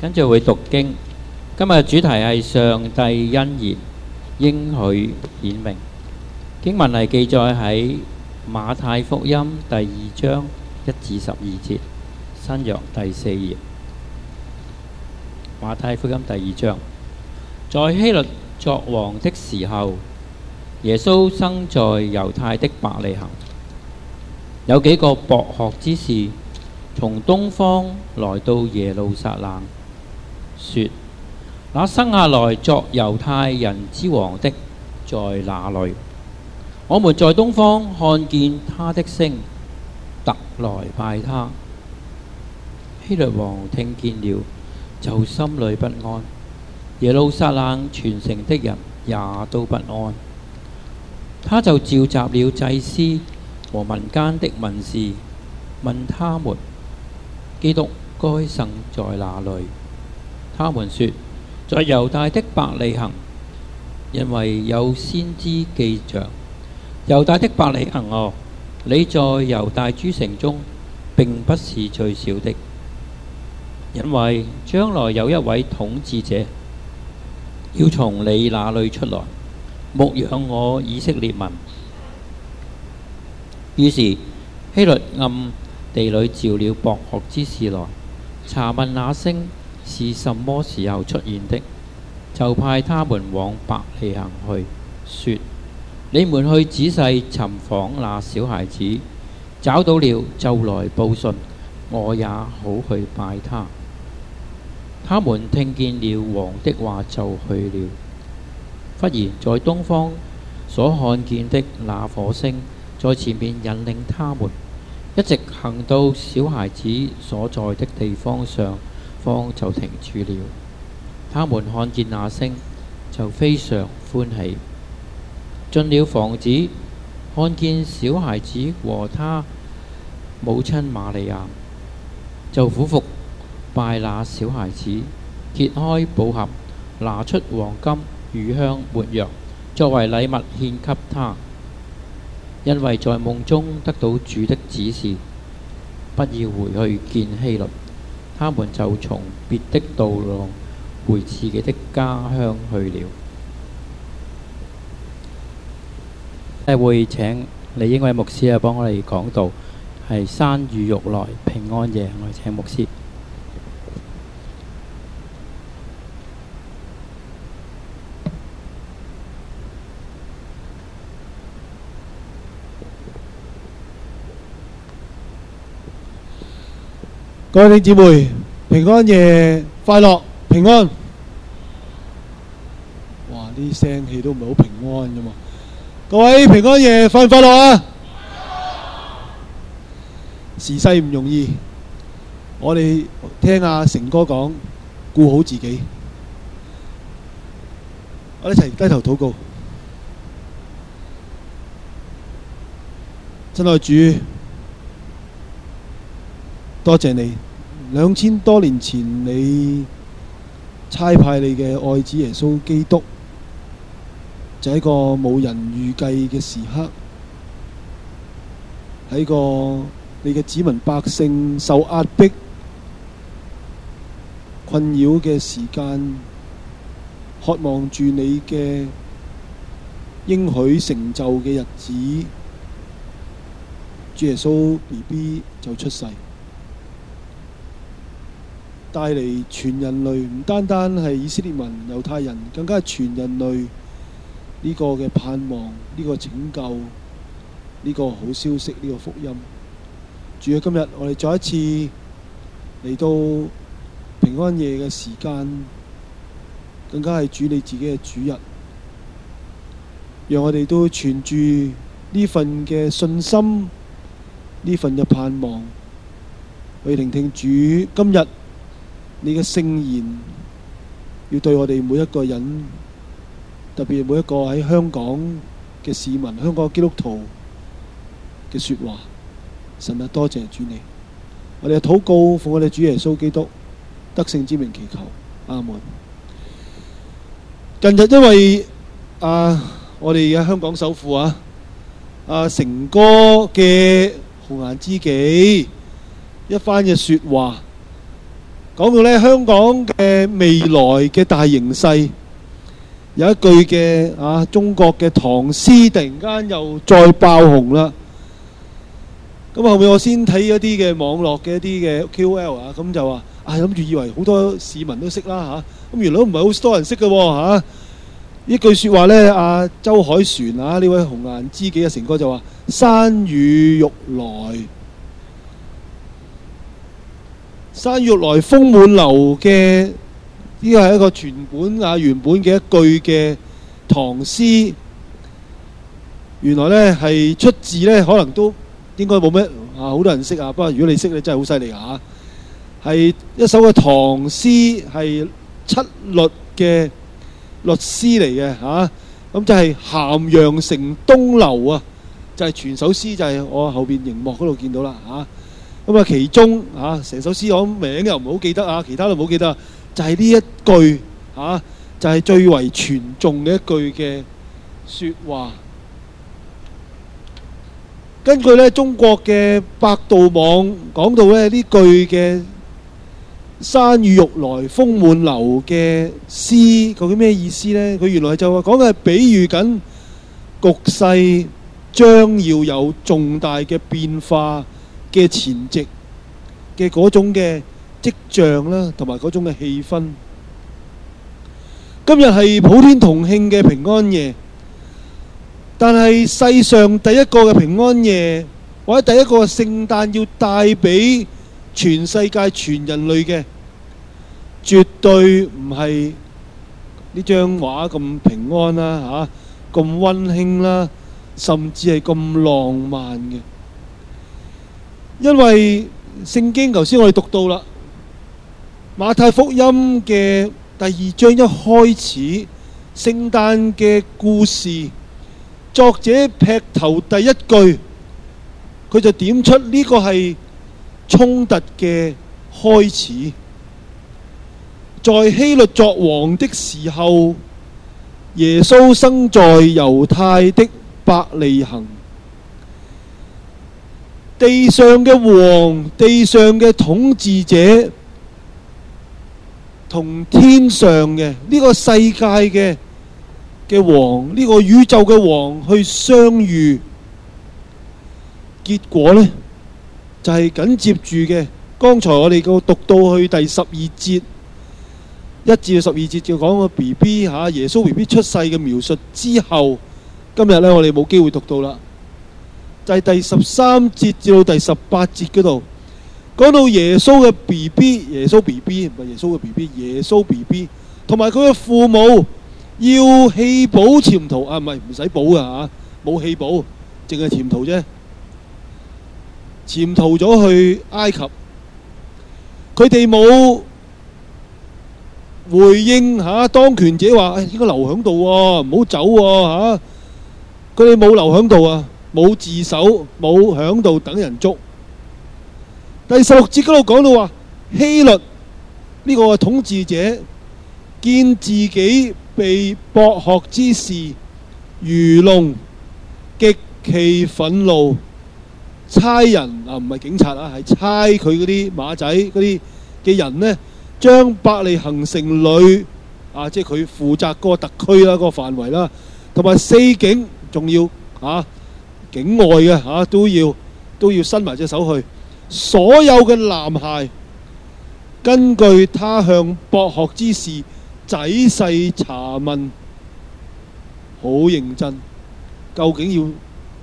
跟住會讀經。今日主題係上帝恩言、應許顯明，經文係記載喺馬太福音第二章一至十二節，新約第四頁。馬太福音第二章，在希律作王的時候，耶穌生在猶太的伯利恒。有幾個博學之士從東方來到耶路撒冷。說：那生下來作猶太人之王的在哪裏？我們在東方看見他的星，特來拜他。希律王聽見了，就心裏不安；耶路撒冷全城的人也都不安。他就召集了祭司和民間的文士，問他們：基督該生在哪裏？他們說，在猶大的伯利恆，因為有先知記着猶大的伯利恆哦。你在猶大諸城中並不是最小的，因為將來有一位統治者要從你那裏出來牧養我以色列民。於是希律暗地裏召了博學之士來查問那星。是什麼時候出現的？就派他們往白地行去，說：你們去仔細尋訪那小孩子，找到了就來報信，我也好去拜他。他們聽見了王的話，就去了。忽然，在東方所看見的那火星，在前面引領他們一直行到小孩子所在的地方上。方就停住了。他們看見那星，就非常歡喜。進了房子，看見小孩子和他母親瑪利亞，就俯伏拜那小孩子，揭開寶盒，拿出黃金、乳香、沒藥，作為禮物獻給他。因為在夢中得到主的指示，不要回去見希律。他們就從別的道路回自己的家鄉去了。係，會請李英偉牧師啊，幫我哋講道，係山雨欲來平安夜，我哋請牧師。各位弟兄姊妹，平安夜快樂，平安。哇！啲聲氣都唔係好平安啫嘛。各位平安夜快唔快樂啊？平安。時勢唔容易，我哋聽阿成哥講，顧好自己。我哋一齊低頭禱告，親愛主。多謝你，兩千多年前你差派你嘅愛子耶穌基督，就喺個冇人預計嘅時刻，喺個你嘅子民百姓受壓迫、困擾嘅時間，渴望住你嘅應許成就嘅日子，主耶穌 B B 就出世。帶嚟全人類唔單單係以色列民、猶太人，更加係全人類呢、這個嘅盼望、呢、這個拯救、呢、這個好消息、呢、這個福音。主啊，今日我哋再一次嚟到平安夜嘅時間，更加係主你自己嘅主日，讓我哋都存住呢份嘅信心、呢份嘅盼望，去聆聽，聽主今日。你嘅聖言要對我哋每一個人，特別每一個喺香港嘅市民、香港基督徒嘅說話，神啊，多謝主你！我哋禱告奉我哋主耶穌基督得勝之名祈求，阿門。近日因為啊，我哋而家香港首富啊，阿、啊、成哥嘅紅顏知己一番嘅說話。講到呢香港嘅未來嘅大形勢，有一句嘅啊中國嘅唐詩突然間又再爆紅啦。咁、啊、後面我先睇一啲嘅網絡嘅一啲嘅 KOL 啊，咁就話啊諗住以為好多市民都識啦嚇，咁、啊、原來唔係好多人識嘅喎、啊、一句説話呢，阿、啊、周凱旋啊呢位紅顏知己嘅成哥就話：山雨欲來。山雨欲來風滿樓嘅呢個係一個全本啊原本嘅一句嘅唐詩，原來呢係出自呢，可能都應該冇咩啊好多人識啊，不過如果你識你真係好犀利啊吓，係一首嘅唐詩係七律嘅律詩嚟嘅吓，咁、啊、就係咸陽城東樓啊，就係全首詩就係我後邊熒幕嗰度見到啦吓。咁啊，其中啊成首詩我名又唔好記得啊，其他都唔好記得，就係呢一句啊，就係最為傳頌嘅一句嘅説話。根據呢中國嘅百度網講到呢，呢句嘅山雨欲來風滿樓嘅詩，究竟咩意思呢？佢原來就話講嘅係比喻緊局勢將要有重大嘅變化嘅前夕嘅嗰種嘅跡象啦，同埋嗰種嘅氣氛。今日係普天同慶嘅平安夜，但係世上第一個嘅平安夜，或者第一個聖誕要帶俾全世界全人類嘅，絕對唔係呢張畫咁平安啦，吓，咁溫馨啦，甚至係咁浪漫嘅。因為聖經頭先我哋讀到啦，馬太福音嘅第二章一開始聖誕嘅故事，作者劈頭第一句，佢就點出呢、這個係衝突嘅開始。在希律作王的時候，耶穌生在猶太的伯利恆。地上嘅王，地上嘅統治者，同天上嘅呢個世界嘅嘅王，呢個宇宙嘅王去相遇，結果呢，就係緊接住嘅。剛才我哋個讀到去第十二節一至十二節就講個 B B 吓耶穌 B B 出世嘅描述之後，今日呢，我哋冇機會讀到啦。就第十三節至到第十八節嗰度，講到耶穌嘅 B B，耶穌 B B 唔係耶穌嘅 B B，耶穌 B B 同埋佢嘅父母要棄保潛逃啊，唔係唔使保噶吓，冇、啊、棄保，淨係潛逃啫。潛逃咗去埃及，佢哋冇回應下、啊、當權者話、哎、應該留響度喎，唔好走喎吓，佢哋冇留響度啊。冇自首，冇響度等人捉。第十六節嗰度講到話希律呢個統治者見自己被博學之士愚弄，極其憤怒。差人啊，唔係警察啦、啊，係差佢嗰啲馬仔嗰啲嘅人呢，將伯利恆城裏啊，即係佢負責嗰個特區啦，嗰個範圍啦，同埋四境仲要啊。境外嘅吓、啊、都要都要伸埋隻手去。所有嘅男孩根據他向博學之士仔細查問，好認真。究竟要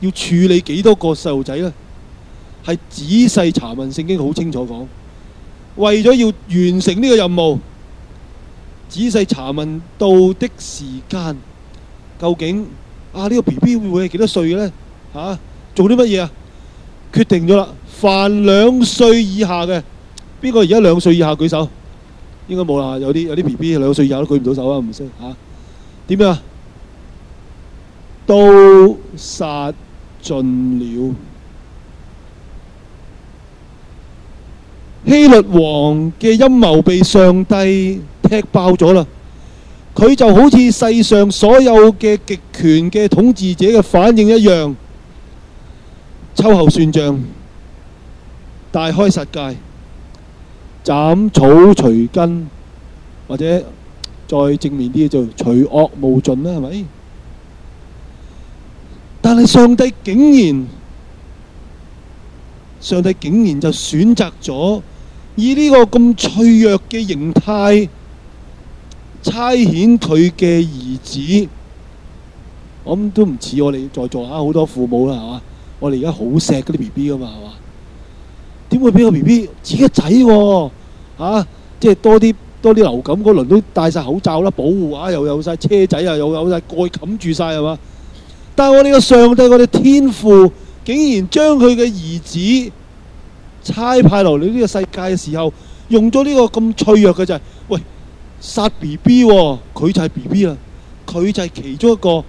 要處理幾多個細路仔咧？係仔細查問，聖經好清楚講，為咗要完成呢個任務，仔細查問到的時間究竟啊？這個，寶寶呢個 B B 會唔會係幾多歲嘅咧？啊！做啲乜嘢啊？決定咗啦，凡兩歲以下嘅，邊個而家兩歲以下舉手？應該冇啦。有啲有啲 B B 兩歲以下都舉唔到手了啊，唔識嚇點啊？都殺盡了。希律王嘅陰謀，被上帝踢爆咗啦。佢就好似世上所有嘅極權嘅統治者嘅反應一樣。秋後算賬，大開殺戒，斬草除根，或者再正面啲就除惡無盡啦，係咪？但係上帝竟然，上帝竟然就選擇咗以呢個咁脆弱嘅形態差遣佢嘅兒子，我諗咁都唔似我哋在座啊好多父母啦，係嘛？我哋而家好錫嗰啲 B B 㗎嘛，係嘛？點會俾個 B B 自己個仔喎？啊，即係多啲多啲流感嗰輪都戴晒口罩啦，保護啊，又有晒車仔啊，又有晒蓋冚住晒，係嘛？但係我哋嘅上帝，我哋天父，竟然將佢嘅兒子差派落嚟呢個世界嘅時候，用咗呢個咁脆弱嘅就係、是，喂，殺 B B 喎，佢就係 B B 啦，佢就係其中一個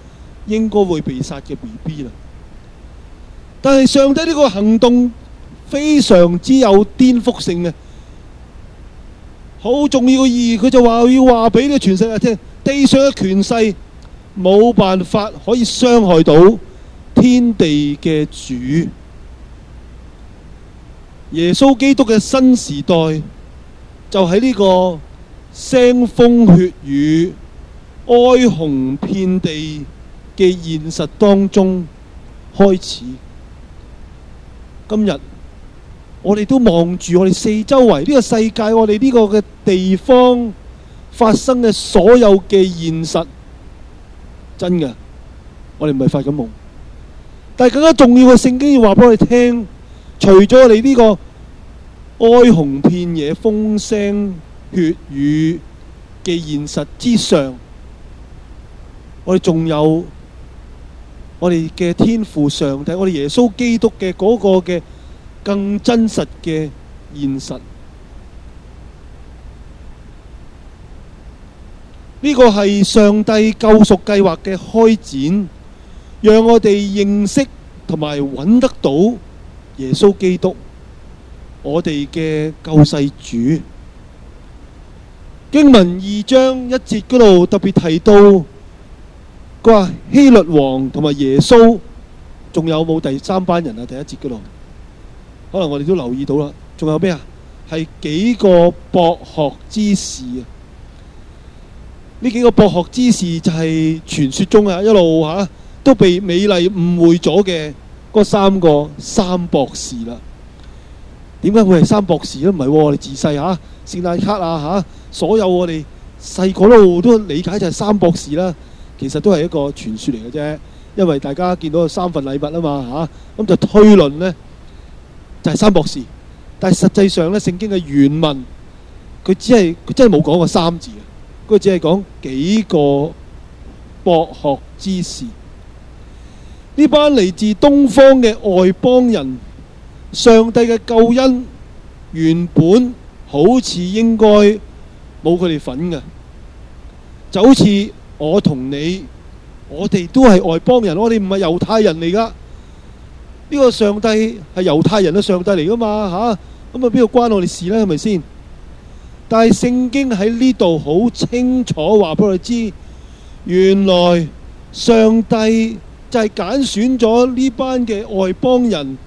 應該會被殺嘅 B B 啦。但係上帝呢個行動非常之有顛覆性嘅，好重要嘅意義。佢就話要話俾呢個全世界聽，地上嘅權勢冇辦法可以傷害到天地嘅主。耶穌基督嘅新時代就喺呢個腥風血雨、哀鴻遍地嘅現實當中開始。今日我哋都望住我哋四周圍呢個世界，我哋呢個嘅地方發生嘅所有嘅現實，真嘅，我哋唔係發緊夢。但係更加重要嘅，聖經要話俾我哋聽，除咗我哋呢個哀鴻遍野、風聲血雨嘅現實之上，我哋仲有。我哋嘅天父上帝，我哋耶穌基督嘅嗰個嘅更真實嘅現實，呢、這個係上帝救贖計劃嘅開展，讓我哋認識同埋揾得到耶穌基督，我哋嘅救世主。經文二章一節嗰度特別提到。話希律王同埋耶穌，仲有冇第三班人啊？第一節嗰度，可能我哋都留意到啦。仲有咩啊？係幾個博學之士啊？呢幾個博學之士就係傳說中啊，一路吓、啊、都被美麗誤會咗嘅嗰三個三博士啦。點解會係三博士咧？唔係、啊、我哋自細吓聖誕卡啊吓、啊，所有我哋細個一路都理解就係三博士啦。其實都係一個傳説嚟嘅啫，因為大家見到有三份禮物嘛啊嘛嚇，咁、嗯、就推論呢，就係、是、三博士。但係實際上呢，聖經嘅原文佢只係佢真係冇講過三字，佢只係講幾個博學之士，呢班嚟自東方嘅外邦人。上帝嘅救恩原本好似應該冇佢哋份嘅，就好似。我同你，我哋都係外邦人，我哋唔係猶太人嚟噶。呢個上帝係猶太人嘅上帝嚟噶嘛？吓，咁啊，邊度關我哋事呢？係咪先？但係聖經喺呢度好清楚話俾我哋知，原來上帝就係揀選咗呢班嘅外邦人，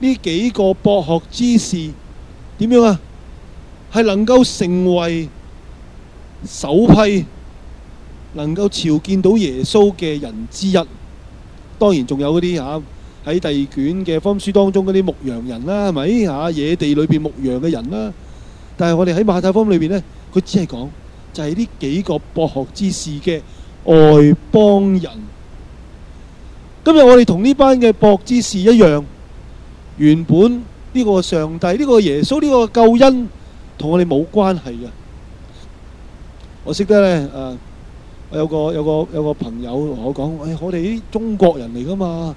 呢幾個博學之士，點樣啊？係能夠成為首批。能夠朝見到耶穌嘅人之一，當然仲有嗰啲吓喺第二卷嘅方書當中嗰啲牧羊人啦，係咪吓，野地裏邊牧羊嘅人啦？但係我哋喺馬太方裏邊呢，佢只係講就係呢幾個博學之士嘅外邦人。今日我哋同呢班嘅博之士一樣，原本呢個上帝呢個耶穌呢個救恩同我哋冇關係嘅。我識得呢。誒、呃。我有個有個有個朋友同我講，誒、哎，我哋啲中國人嚟噶嘛，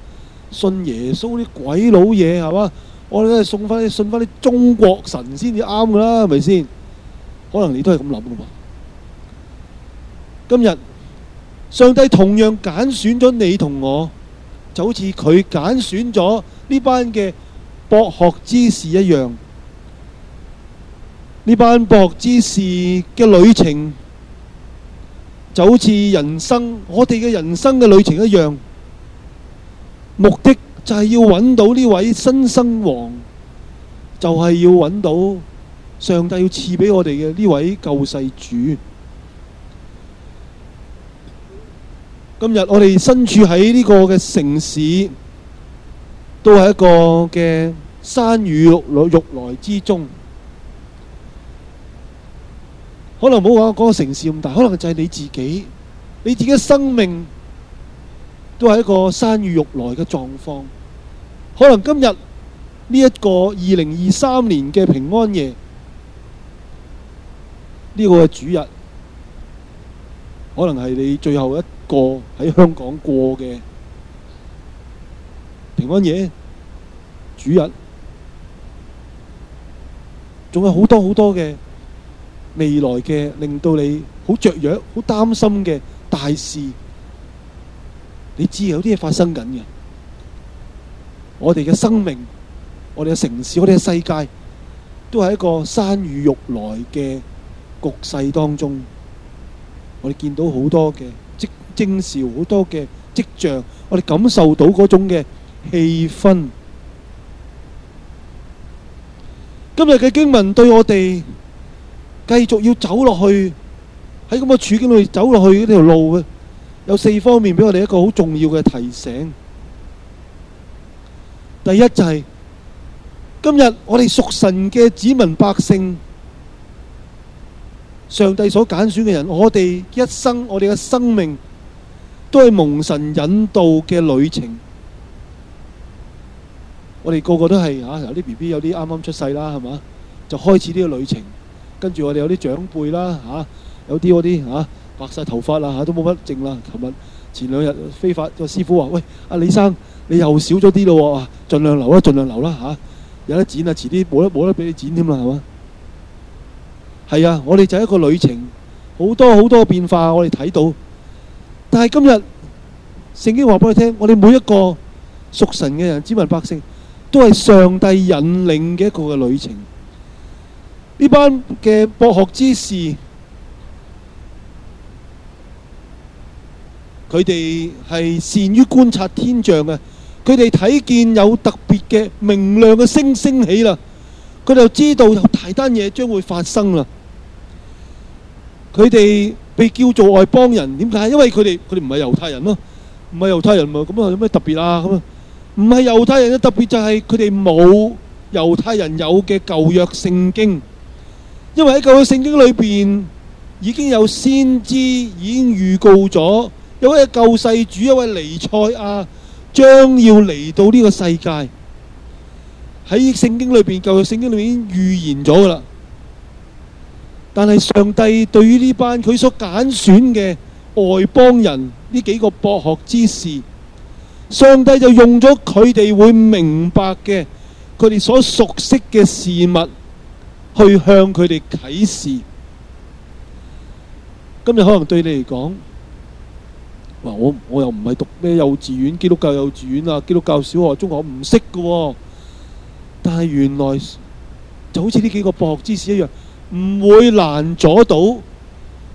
信耶穌啲鬼佬嘢係嘛？我哋都係送翻啲信翻啲中國神先至啱噶啦，係咪先？可能你都係咁諗噶嘛？今日上帝同樣揀選咗你同我，就好似佢揀選咗呢班嘅博學之士一樣，呢班博學之士嘅旅程。就好似人生，我哋嘅人生嘅旅程一樣，目的就係要揾到呢位新生王，就係要揾到上帝要賜畀我哋嘅呢位救世主。今日我哋身處喺呢個嘅城市，都係一個嘅山雨欲欲來之中。可能冇話嗰個城市咁大，可能就係你自己，你自己嘅生命都係一個山雨欲來嘅狀況。可能今日呢一個二零二三年嘅平安夜，呢個嘅主日，可能係你最後一個喺香港過嘅平安夜主日，仲有好多好多嘅。未來嘅令到你好雀躍、好擔心嘅大事，你知有啲嘢發生緊嘅。我哋嘅生命、我哋嘅城市、我哋嘅世界，都係一個山雨欲來嘅局勢當中。我哋見到好多嘅徵徵兆，好多嘅迹象，我哋感受到嗰種嘅氣氛。今日嘅經文對我哋。繼續要走落去，喺咁嘅處境裏走落去呢條路嘅，有四方面畀我哋一個好重要嘅提醒。第一就係、是，今日我哋屬神嘅子民百姓，上帝所揀選嘅人，我哋一生，我哋嘅生命都係蒙神引導嘅旅程。我哋個個都係啊，有啲 B B 有啲啱啱出世啦，係嘛，就開始呢個旅程。跟住我哋有啲長輩啦嚇、啊，有啲嗰啲嚇白晒頭髮啦嚇、啊、都冇乜剩啦。琴日前兩日飛髮個師傅話，喂，阿、啊、李生，你又少咗啲咯，盡、啊、量留啦，盡量留啦嚇，有得剪啊，遲啲冇得冇得俾你剪添啦，係嘛？係啊，我哋就係一個旅程，好多好多變化，我哋睇到。但係今日聖經話俾你聽，我哋每一個屬神嘅人、子民百姓，都係上帝引領嘅一個嘅旅程。呢班嘅博學之士，佢哋係善於觀察天象嘅。佢哋睇見有特別嘅明亮嘅星升起啦，佢哋就知道有大單嘢將會發生啦。佢哋被叫做外邦人，點解？因為佢哋佢哋唔係猶太人咯，唔係猶太人嘛。咁啊，有咩特別啊？咁啊，唔係猶太人嘅特別就係佢哋冇猶太人有嘅舊約聖經。因為喺舊約聖經裏邊已經有先知已經預告咗，有一位救世主一位尼賽亞將要嚟到呢個世界。喺聖經裏邊，舊約聖經裏邊已經預言咗噶啦。但係上帝對於呢班佢所揀選嘅外邦人，呢幾個博學之士，上帝就用咗佢哋會明白嘅，佢哋所熟悉嘅事物。去向佢哋啟示，今日可能對你嚟講，哇！我我又唔係讀咩幼稚園、基督教幼稚園啊、基督教小學、中學唔識嘅，但係原來就好似呢幾個博學之士一樣，唔會難阻到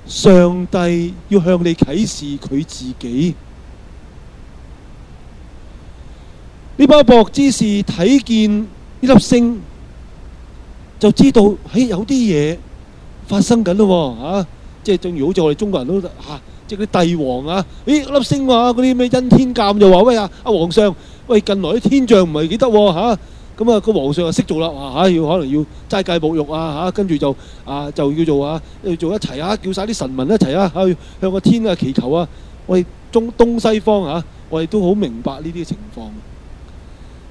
上帝要向你啟示佢自己。呢班博學之士睇見呢粒星。就知道喺、哎、有啲嘢發生緊咯喎，即係正如好似我哋中國人都嚇、啊，即係啲帝王啊，咦粒星話嗰啲咩欽天監就話喂啊，阿、啊、皇上，喂近來啲天象唔係幾得嚇、啊，咁啊、個皇上就識做啦，話、啊、要可能要齋戒沐浴啊嚇、啊，跟住就啊就叫做啊要做一齊啊，叫晒啲神民一齊啊去、啊、向個天啊祈求啊，喂，中東西方啊，我哋都好明白呢啲情況、啊。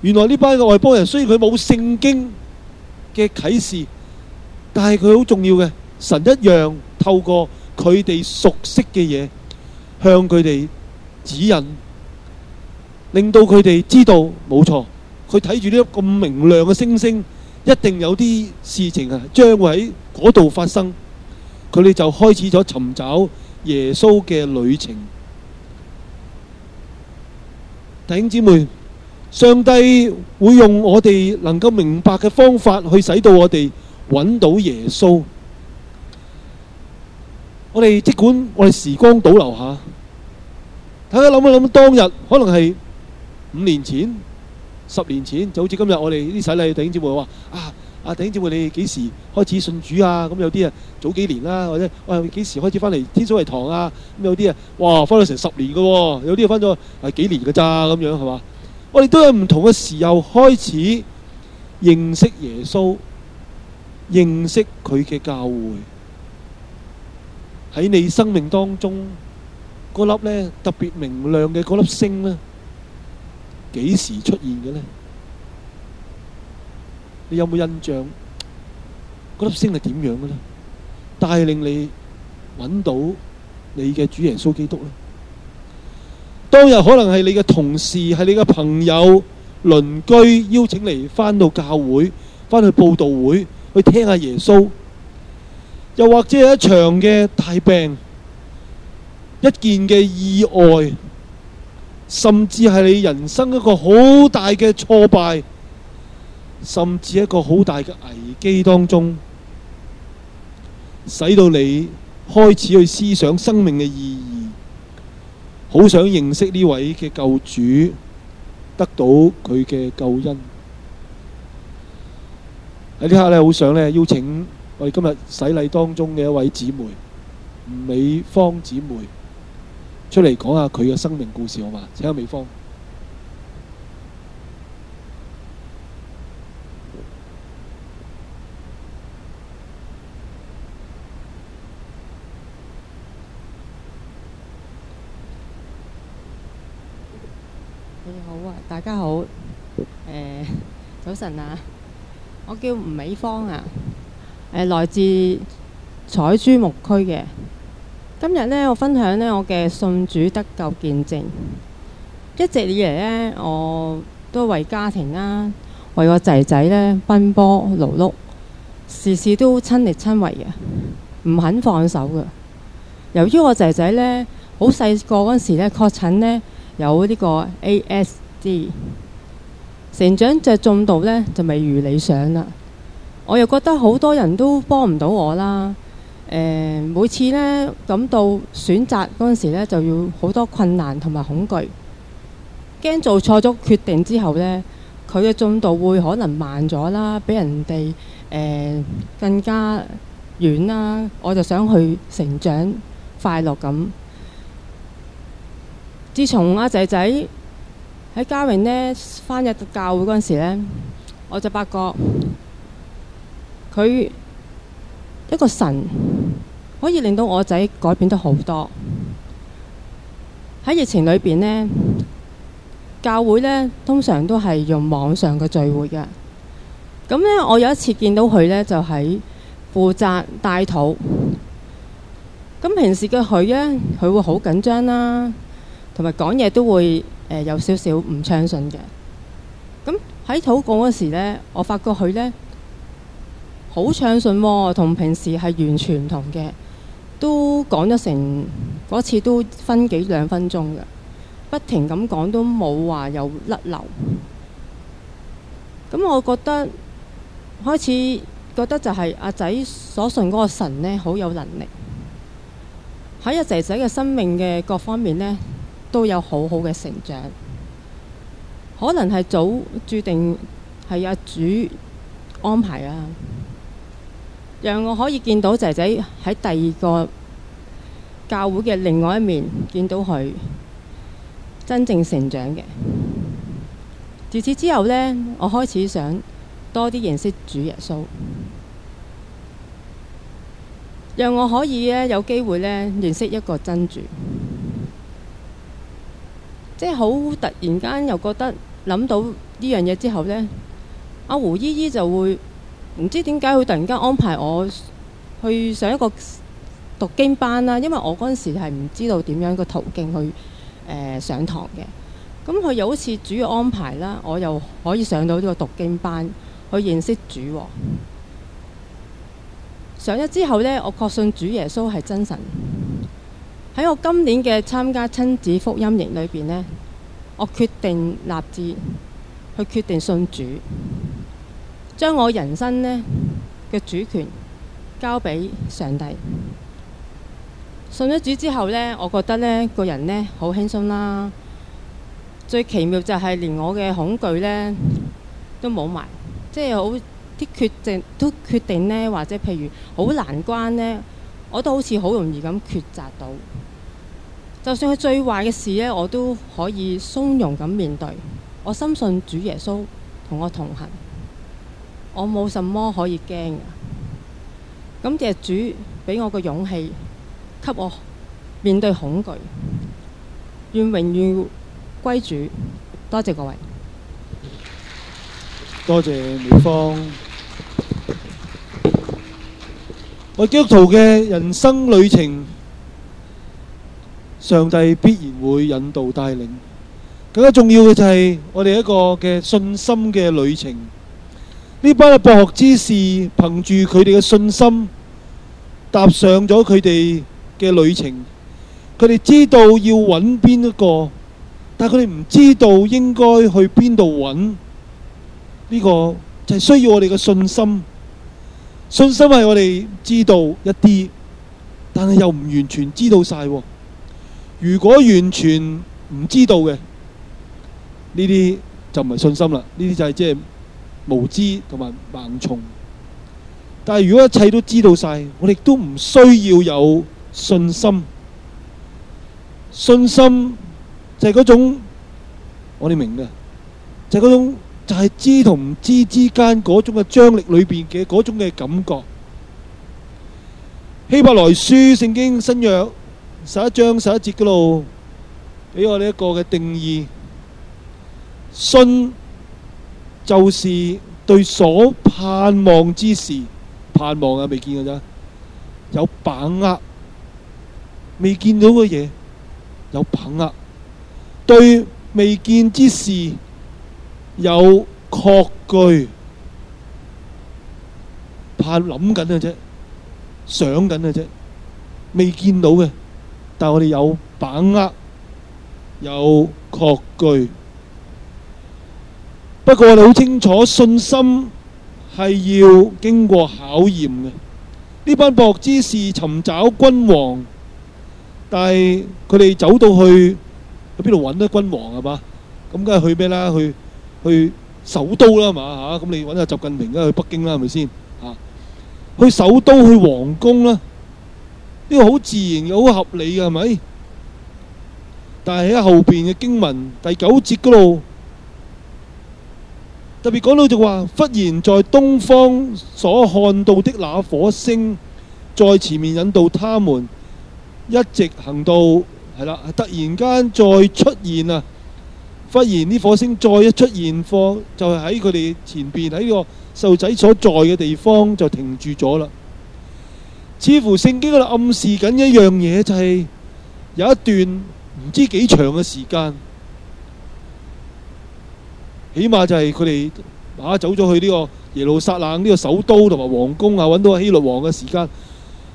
原來呢班嘅外邦人雖然佢冇聖經。嘅啟示，但係佢好重要嘅，神一樣透過佢哋熟悉嘅嘢向佢哋指引，令到佢哋知道冇錯。佢睇住呢粒咁明亮嘅星星，一定有啲事情啊，將會喺嗰度發生。佢哋就開始咗尋找耶穌嘅旅程。弟兄姊妹。上帝會用我哋能夠明白嘅方法去使到我哋揾到耶穌。我哋即管我哋時光倒流下，睇下諗一諗，當日可能係五年前、十年前，就好似今日我哋啲洗禮弟兄姊妹話啊，啊弟兄姊妹你幾時開始信主啊？咁有啲啊早幾年啦、啊，或者喂幾、啊、時開始翻嚟天水圍堂啊？咁有啲啊，哇翻咗成十年㗎，有啲翻咗係幾年㗎咋，咁樣係嘛？我哋都有唔同嘅時候開始認識耶穌，認識佢嘅教會。喺你生命當中嗰粒咧特別明亮嘅嗰粒星咧，幾時出現嘅咧？你有冇印象？嗰粒星係點樣嘅咧？帶領你搵到你嘅主耶穌基督咧？當日可能係你嘅同事，係你嘅朋友、鄰居邀請你翻到教會，翻去佈道會，去聽下耶穌，又或者有一場嘅大病、一件嘅意外，甚至係你人生一個好大嘅挫敗，甚至一個好大嘅危機當中，使到你開始去思想生命嘅意義。好想認識呢位嘅救主，得到佢嘅救恩。喺呢刻咧，好想咧邀請我哋今日洗禮當中嘅一位姊妹吳美芳姊妹出嚟講下佢嘅生命故事，好嘛？請下美芳。大家好，呃、早晨啊！我叫吳美芳啊，誒、呃，來自彩珠牧區嘅。今日呢，我分享呢我嘅信主得救見證。一直以嚟呢，我都為家庭啦、啊，為我仔仔呢奔波勞碌，事事都親力親為嘅，唔肯放手嘅。由於我仔仔呢，好細個嗰時呢，確診呢，有呢個 AS。啲成長只進度呢，就未如理想啦，我又覺得好多人都幫唔到我啦、呃。每次呢，感到選擇嗰陣時咧，就要好多困難同埋恐懼，驚做錯咗決定之後呢，佢嘅進度會可能慢咗啦，俾人哋、呃、更加遠啦。我就想去成長快樂咁。自從阿仔仔。喺嘉榮呢翻入教會嗰陣時呢，我就發覺佢一個神可以令到我仔改變得好多。喺疫情裏邊呢，教會呢通常都係用網上嘅聚會嘅。咁呢，我有一次見到佢呢，就喺、是、負責帶土。咁平時嘅佢呢，佢會好緊張啦，同埋講嘢都會。誒、呃，有少少唔暢順嘅，咁喺禱告嗰時呢，我發覺佢呢好暢順喎，同、哦、平時係完全唔同嘅，都講咗成嗰次都分幾兩分鐘嘅，不停咁講都冇話有，有甩漏，咁我覺得開始覺得就係阿仔所信嗰個神呢，好有能力，喺阿仔仔嘅生命嘅各方面呢。都有好好嘅成長，可能係早注定係阿主安排啊，讓我可以見到仔仔喺第二個教會嘅另外一面，見到佢真正成長嘅。自此之後呢，我開始想多啲認識主耶穌，讓我可以呢有機會呢認識一個真主。即係好突然間又覺得諗到呢樣嘢之後呢，阿、啊、胡姨姨就會唔知點解會突然間安排我去上一個讀經班啦，因為我嗰陣時係唔知道點樣個途徑去、呃、上堂嘅。咁、嗯、佢又好似主要安排啦，我又可以上到呢個讀經班去認識主、哦。上咗之後呢，我確信主耶穌係真神。喺我今年嘅參加親子福音營裏邊呢，我決定立志，去決定信主，將我人生呢嘅主權交俾上帝。信咗主之後呢，我覺得呢個人呢好輕鬆啦。最奇妙就係連我嘅恐懼呢都冇埋，即係好啲決定，都決定呢，或者譬如好難關呢，我都好似好容易咁抉擇到。就算係最壞嘅事呢，我都可以從容咁面對。我深信主耶穌同我同行，我冇什麼可以驚嘅。咁就係主俾我個勇氣，給我面對恐懼。願永遠歸主。多謝各位。多謝美芳。我基督徒嘅人生旅程。上帝必然會引導帶領，更加重要嘅就係我哋一個嘅信心嘅旅程。呢班博學之士憑住佢哋嘅信心，踏上咗佢哋嘅旅程。佢哋知道要揾邊一個，但係佢哋唔知道應該去邊度揾。呢個就係需要我哋嘅信心。信心係我哋知道一啲，但係又唔完全知道晒。如果完全唔知道嘅，呢啲就唔係信心啦，呢啲就係即係無知同埋盲從。但係如果一切都知道晒，我哋都唔需要有信心。信心就係嗰種，我哋明嘅，就係嗰種就係知同唔知之間嗰種嘅張力裏邊嘅嗰種嘅感覺。希伯來書聖經新約。十一章十一節嗰度畀我呢一個嘅定義，信就是對所盼望之事盼望啊，未見嘅啫，有把握，未見到嘅嘢，有把握，對未見之事有確據，怕諗緊嘅啫，想緊嘅啫，未見到嘅。但我哋有把握，有確據。不過我哋好清楚，信心係要經過考驗嘅。呢班博之士尋找君王，但係佢哋走到去去邊度揾得君王係嘛？咁梗係去咩啦？去去首都啦嘛嚇！咁你揾下習近平啦，梗去北京啦係咪先？啊，去首都去皇宮啦。呢個好自然嘅、好合理嘅係咪？但係喺後邊嘅經文第九節嗰度，特別講到就話，忽然在東方所看到的那顆星，在前面引導他們，一直行到係啦，突然間再出現啊！忽然呢顆星再一出現，放就喺佢哋前邊喺個細路仔所在嘅地方就停住咗啦。似乎聖經嗰度暗示緊一樣嘢，就係有一段唔知幾長嘅時間，起碼就係佢哋啊走咗去呢個耶路撒冷呢個首都同埋王宮啊，搵到希律王嘅時間，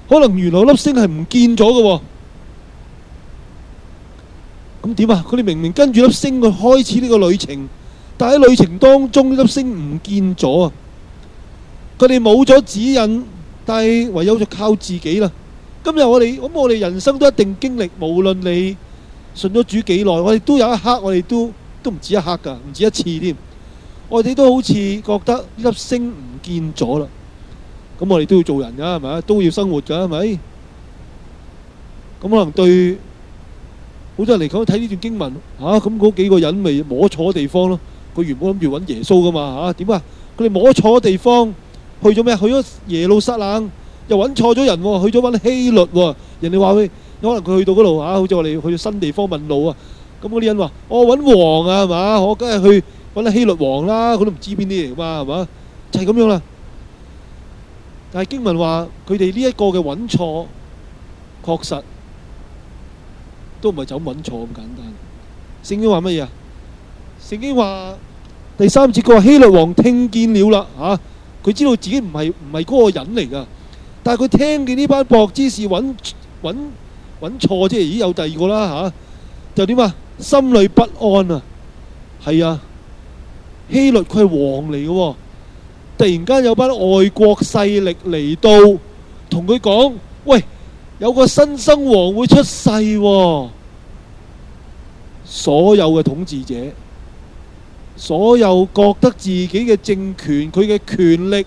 可能原來粒星係唔見咗嘅。咁點啊？佢哋明明跟住粒星去開始呢個旅程，但喺旅程當中呢粒星唔見咗啊！佢哋冇咗指引。但係唯有就靠自己啦。今日我哋咁，我哋人生都一定經歷，無論你信咗主幾耐，我哋都有一刻，我哋都都唔止一刻噶，唔止一次添。我哋都好似覺得呢粒星唔見咗啦。咁我哋都要做人噶係咪啊？都要生活噶係咪？咁可能對好多人嚟講睇呢段經文，吓，咁嗰幾個人咪摸錯地方咯？佢原本諗住揾耶穌噶嘛吓？點啊？佢哋摸錯地方。去咗咩？去咗耶路撒冷，又揾錯咗人。去咗揾希律，人哋話佢有可能佢去到嗰度吓，好似我哋去咗新地方問路啊。咁嗰啲人話：我揾王啊，係嘛？我梗係去揾下希律王啦，佢都唔知邊啲嚟嘅嘛，係嘛？就係咁樣啦。但係經文話佢哋呢一個嘅揾錯，確實都唔係就咁揾錯咁簡單。聖經話乜嘢啊？聖經話第三節講希律王聽見了啦，吓。佢知道自己唔係唔係嗰個人嚟噶，但係佢聽見呢班博之士揾揾揾錯啫，咦，已經有第二個啦吓、啊，就點啊？心裏不安啊，係啊，希律佢係王嚟嘅喎，突然間有班外國勢力嚟到，同佢講：喂，有個新生王會出世喎、哦，所有嘅統治者。所有覺得自己嘅政權佢嘅權力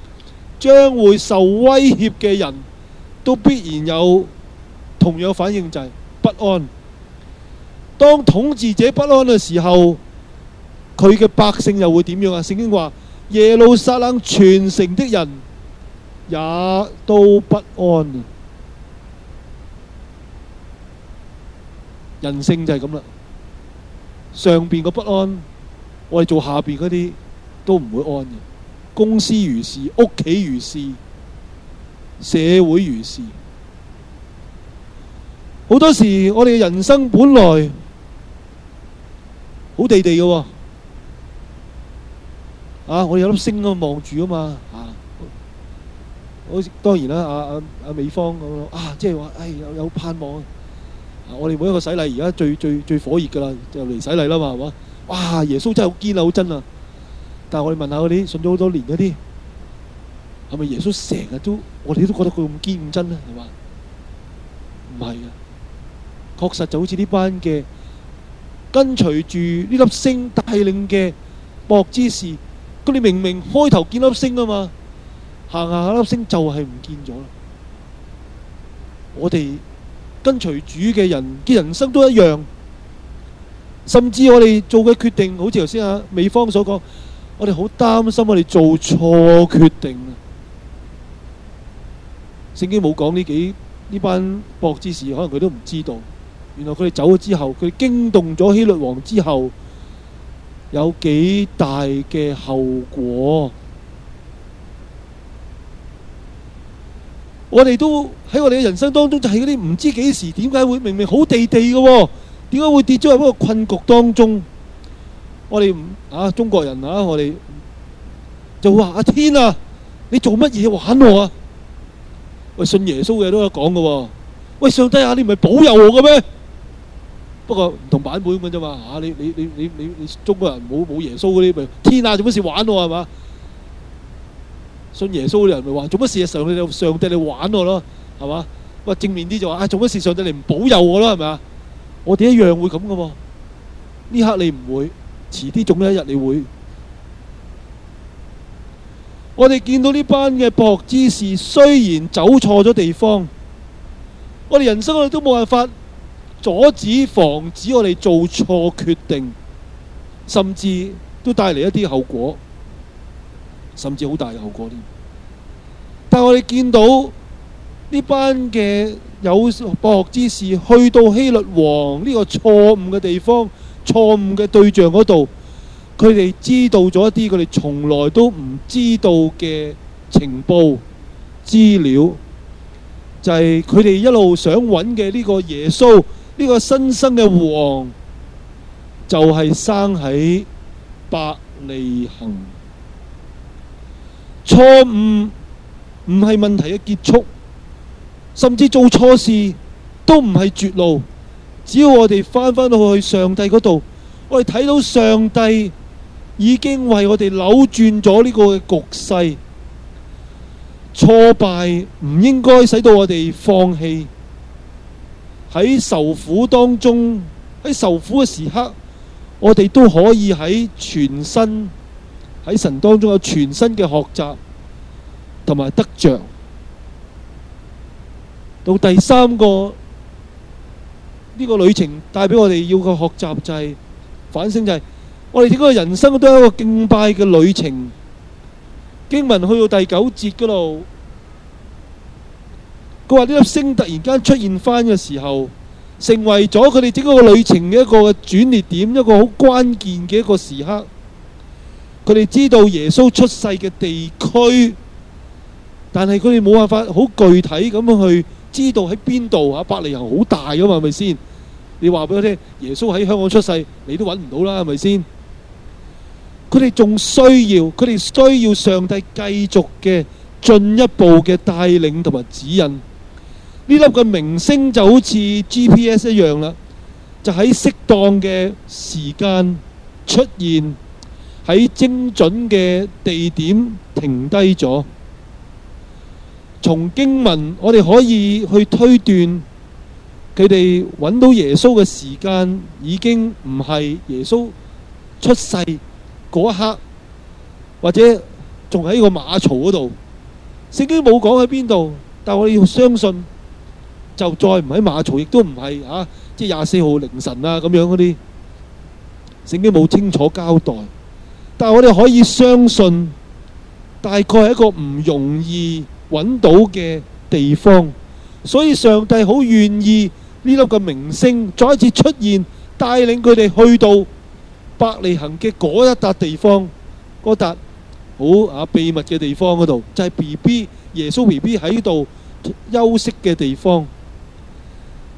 將會受威脅嘅人都必然有同樣反應，就係不安。當統治者不安嘅時候，佢嘅百姓又會點樣啊？聖經話：耶路撒冷全城的人也都不安。人性就係咁啦，上邊個不安。我哋做下邊嗰啲都唔會安嘅，公司如是，屋企如是，社會如是，好多時我哋嘅人生本來好地地嘅，啊，啊，我哋有粒星都望住啊嘛，啊，好似當然啦，阿阿阿美芳咁啊，即係話，哎，有有盼望啊，我哋每一個洗禮而家最最最火熱噶啦，就嚟洗禮啦嘛，係嘛？哇！耶穌真係好堅啊，好真啊！但係我哋問下嗰啲信咗好多年嗰啲，係咪耶穌成日都我哋都覺得佢咁堅真咧？係嘛？唔係啊！確實就好似呢班嘅跟隨住呢粒星帶領嘅博學之士，咁你明明開頭見粒星啊嘛，行行下粒星就係唔見咗啦。我哋跟隨主嘅人，嘅人生都一樣。甚至我哋做嘅決定，好似頭先啊美芳所講，我哋好擔心我哋做錯決定。聖經冇講呢幾呢班博之士，可能佢都唔知道。原來佢哋走咗之後，佢驚動咗希律王之後，有幾大嘅後果。我哋都喺我哋嘅人生當中就，就係嗰啲唔知幾時點解會明明好地地嘅喎、哦。點解會跌咗喺嗰個困局當中？我哋啊，中國人啊，我哋就話：啊天啊，你做乜嘢玩我啊？喂，信耶穌嘅都有講㗎，喂上帝啊，你唔係保佑我嘅咩？不過唔同版本咁啫嘛，吓你你你你你你中國人冇冇耶穌嗰啲咪天啊，做乜事玩我係嘛？信耶穌嘅人咪話做乜事上帝你玩我咯，係嘛？喂，正面啲就話啊，做乜事上帝你唔保佑我咯，係咪啊？我哋一樣會咁嘅喎，呢刻你唔會，遲啲總有一日你會。我哋見到呢班嘅博學之士，雖然走錯咗地方，我哋人生我哋都冇辦法阻止、防止我哋做錯決定，甚至都帶嚟一啲後果，甚至好大嘅後果添。但係我哋見到呢班嘅。有博學之士去到希律王呢個錯誤嘅地方，錯誤嘅對象嗰度，佢哋知道咗一啲佢哋從來都唔知道嘅情報資料，就係佢哋一路想揾嘅呢個耶穌、呢個新生嘅王，就係生喺伯利恆。錯誤唔係問題嘅結束。甚至做錯事都唔係絕路，只要我哋返返到去上帝嗰度，我哋睇到上帝已經為我哋扭轉咗呢個局勢，挫敗唔應該使到我哋放棄。喺受苦當中，喺受苦嘅時刻，我哋都可以喺全身，喺神當中有全新嘅學習同埋得着。到第三個呢、這個旅程帶俾我哋要嘅學習就係、是、反省、就是，就係我哋整個人生都係一個敬拜嘅旅程。經文去到第九節嗰度，佢話呢粒星突然間出現返嘅時候，成為咗佢哋整個旅程嘅一個轉捩點，一個好關鍵嘅一個時刻。佢哋知道耶穌出世嘅地區，但係佢哋冇辦法好具體咁樣去。知道喺邊度啊？伯利恆好大噶嘛？係咪先？你話俾我聽，耶穌喺香港出世，你都揾唔到啦，係咪先？佢哋仲需要，佢哋需要上帝繼續嘅進一步嘅帶領同埋指引。呢粒嘅明星就好似 GPS 一樣啦，就喺適當嘅時間出現，喺精準嘅地點停低咗。從經文，我哋可以去推斷佢哋揾到耶穌嘅時間已經唔係耶穌出世嗰刻，或者仲喺個馬槽嗰度。聖經冇講喺邊度，但我哋要相信就再唔喺馬槽，亦都唔係吓，即係廿四號凌晨啊咁樣嗰啲。聖經冇清楚交代，但係我哋可以相信大概係一個唔容易揾到嘅地方，所以上帝好願意呢粒嘅明星再一次出現，帶領佢哋去到伯利恆嘅嗰一笪地方，嗰笪好啊秘密嘅地方嗰度，就係、是、B B 耶穌 B B 喺度休息嘅地方。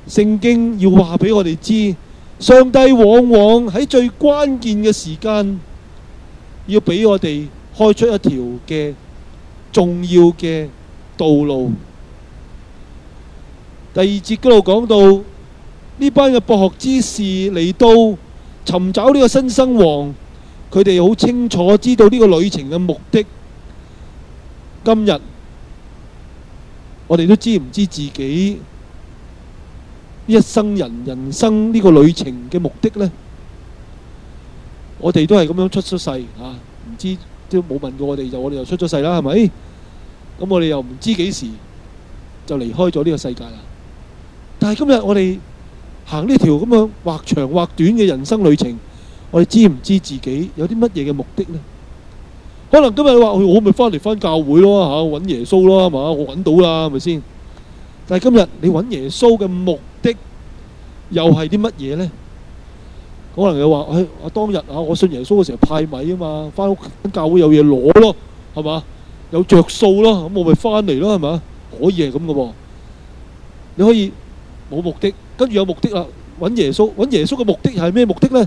聖經要話俾我哋知，上帝往往喺最關鍵嘅時間，要俾我哋開出一條嘅重要嘅。道路，第二節嗰度講到呢班嘅博學之士嚟到尋找呢個新生王，佢哋好清楚知道呢個旅程嘅目的。今日我哋都知唔知自己一生人人生呢個旅程嘅目的呢？我哋都係咁樣出出世啊！唔知都冇問過我哋，就我哋又出咗世啦，係咪？咁我哋又唔知幾時就離開咗呢個世界啦。但係今日我哋行呢條咁樣或長或短嘅人生旅程，我哋知唔知自己有啲乜嘢嘅目的呢？可能今日你話：哎，我咪翻嚟翻教會咯，嚇，揾耶穌咯，係嘛？我揾到啦，係咪先？但係今日你揾耶穌嘅目的又係啲乜嘢呢？可能又話：我，哎，當日啊，我信耶穌嘅時候派米啊嘛，翻屋教會有嘢攞咯，係嘛？有着數咯，咁我咪翻嚟咯，係嘛？可以係咁噶喎。你可以冇目的，跟住有目的啦。搵耶穌，搵耶穌嘅目的係咩目的咧？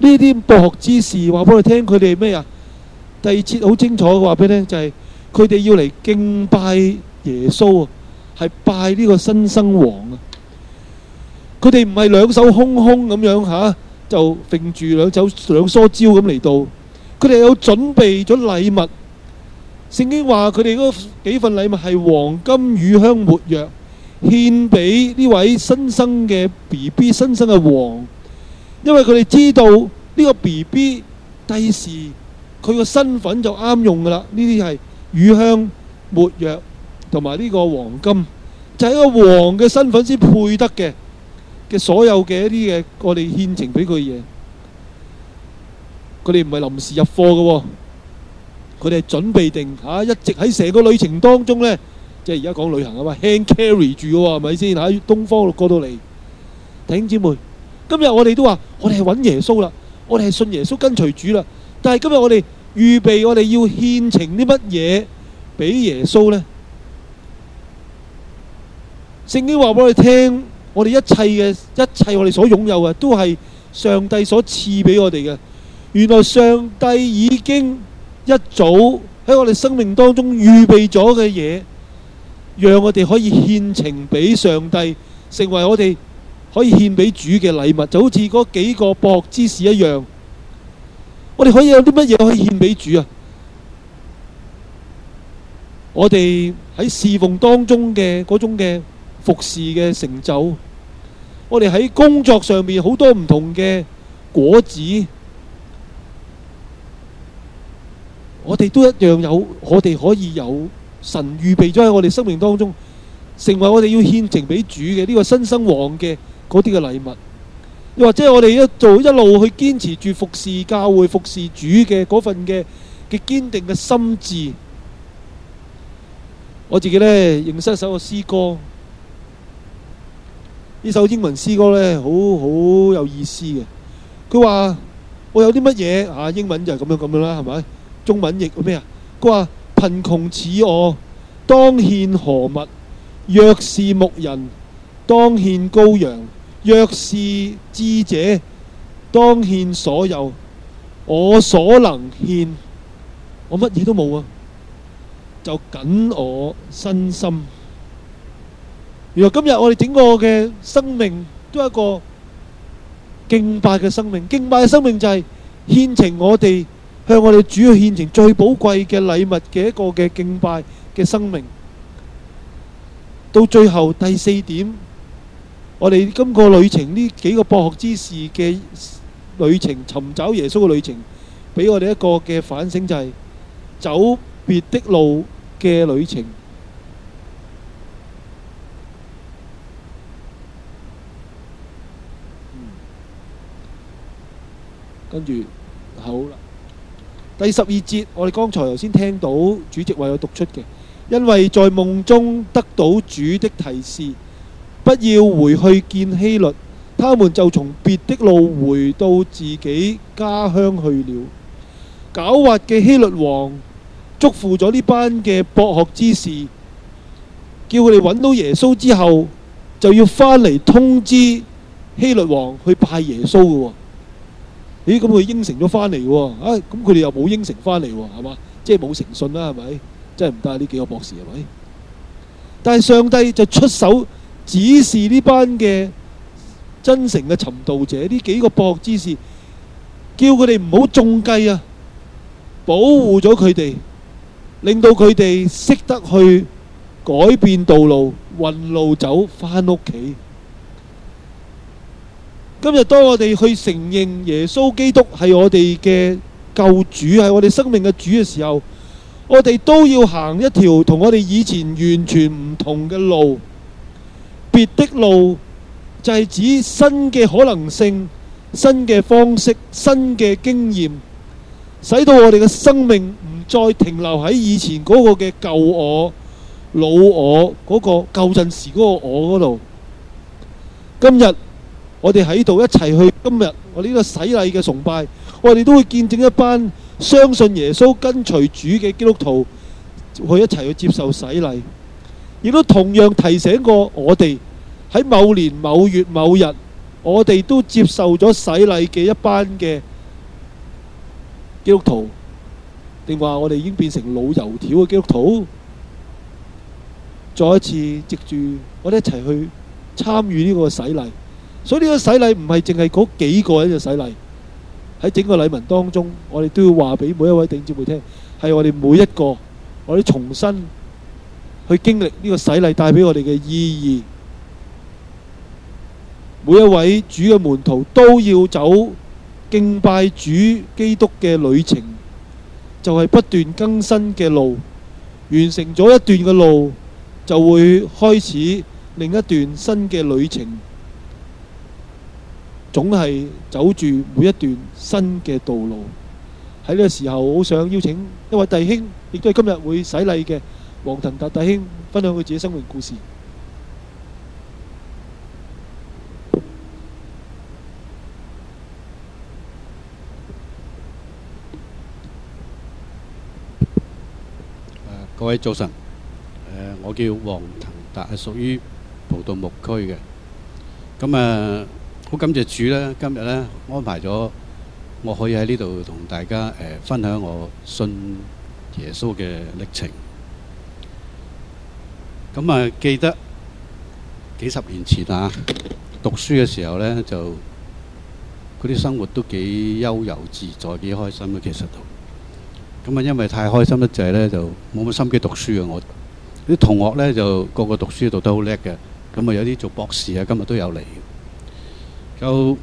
呢啲博學之士話俾我哋聽，佢哋咩啊？第二節好清楚，嘅話俾你聽就係，佢哋要嚟敬拜耶穌啊，係拜呢個新生王啊。佢哋唔係兩手空空咁樣吓，就揈住兩手兩梳蕉咁嚟到，佢哋有準備咗禮物。聖經話佢哋嗰幾份禮物係黃金、乳香、沒藥，獻俾呢位新生嘅 B B、新生嘅王，因為佢哋知道呢個 B B 第時佢個身份就啱用噶啦。呢啲係乳香、沒藥同埋呢個黃金，就係、是、個王嘅身份先配得嘅嘅所有嘅一啲嘅我哋獻情俾佢嘢，佢哋唔係臨時入貨噶，哦。佢哋準備定吓，一直喺成個旅程當中咧，即係而家講旅行啊嘛，輕 carry 住喎，係咪先喺東方過到嚟，弟兄姊妹，今日我哋都話我哋係揾耶穌啦，我哋係信耶穌、跟隨主啦。但係今日我哋預備，我哋要獻呈啲乜嘢俾耶穌咧？聖經話俾我哋聽，我哋一切嘅一切，我哋所擁有嘅都係上帝所賜俾我哋嘅。原來上帝已經一早喺我哋生命當中預備咗嘅嘢，讓我哋可以獻呈俾上帝，成為我哋可以獻俾主嘅禮物，就好似嗰幾個博士一樣。我哋可以有啲乜嘢可以獻俾主啊？我哋喺侍奉當中嘅嗰種嘅服侍嘅成就，我哋喺工作上面好多唔同嘅果子。我哋都一樣有，我哋可以有神預備咗喺我哋生命當中，成為我哋要獻呈俾主嘅呢個新生王嘅嗰啲嘅禮物，又或者我哋一做一路去堅持住服侍教會、服侍主嘅嗰份嘅嘅堅定嘅心智。我自己呢，認識一首嘅詩歌，呢首英文詩歌呢，好好有意思嘅。佢話我有啲乜嘢啊？英文就係咁樣咁樣啦，係咪？中文譯咩啊？佢話，貧窮似我，當獻何物？若是牧人，當獻羔羊；若是智者，當獻所有。我所能獻，我乜嘢都冇啊！就緊我身心。原來今日我哋整個嘅生命都係一個敬拜嘅生命，敬拜嘅生命就係獻呈我哋。向我哋主要獻呈最寶貴嘅禮物嘅一個嘅敬拜嘅生命，到最後第四點，我哋今個旅程呢幾個博學之士嘅旅程，尋找耶穌嘅旅程，俾我哋一個嘅反省就係走別的路嘅旅程。嗯，跟住好啦。第十二節，我哋剛才頭先聽到主席為我讀出嘅，因為在夢中得到主的提示，不要回去見希律，他們就從別的路回到自己家鄉去了。狡猾嘅希律王囑咐咗呢班嘅博學之士，叫佢哋揾到耶穌之後，就要返嚟通知希律王去拜耶穌嘅、哦。咦，咁佢應承咗翻嚟喎，啊，咁佢哋又冇應承翻嚟喎，係嘛？即係冇誠信啦，係咪？真係唔得？呢幾個博士係咪？但係上帝就出手指示呢班嘅真誠嘅尋道者，呢幾個博學之士，叫佢哋唔好中計啊！保護咗佢哋，令到佢哋識得去改變道路，揾路走翻屋企。今日當我哋去承認耶穌基督係我哋嘅救主，係我哋生命嘅主嘅時候，我哋都要行一條同我哋以前完全唔同嘅路，別的路就係指新嘅可能性、新嘅方式、新嘅經驗，使到我哋嘅生命唔再停留喺以前嗰個嘅舊我、老我、嗰個舊陣時嗰個我嗰度。今日。我哋喺度一齊去今日我呢個洗禮嘅崇拜，我哋都會見證一班相信耶穌、跟隨主嘅基督徒去一齊去接受洗禮。亦都同樣提醒過我哋喺某年某月某日，我哋都接受咗洗禮嘅一班嘅基督徒，定話我哋已經變成老油條嘅基督徒？再一次藉住我哋一齊去參與呢個洗禮。所以呢個洗禮唔係淨係嗰幾個人嘅洗禮，喺整個禮文當中，我哋都要話俾每一位弟兄姊妹聽，係我哋每一個，我哋重新去經歷呢個洗禮帶俾我哋嘅意義。每一位主嘅門徒都要走敬拜主基督嘅旅程，就係不斷更新嘅路。完成咗一段嘅路，就會開始另一段新嘅旅程。總係走住每一段新嘅道路，喺呢個時候好想邀請一位弟兄，亦都係今日會洗禮嘅黃騰達弟兄，分享佢自己生命故事。各位早晨，我叫黃騰達，係屬於葡萄牧區嘅，咁啊。好感謝主呢。今日呢，安排咗，我可以喺呢度同大家誒、呃、分享我信耶穌嘅歷程。咁、嗯、啊，記得幾十年前啊，讀書嘅時候呢，就嗰啲生活都幾悠遊自在，幾開心嘅。其實都咁啊，因為太開心一陣呢，就冇乜心機讀書啊。我啲同學呢，就個個讀書讀得好叻嘅，咁、嗯、啊有啲做博士啊，今日都有嚟。就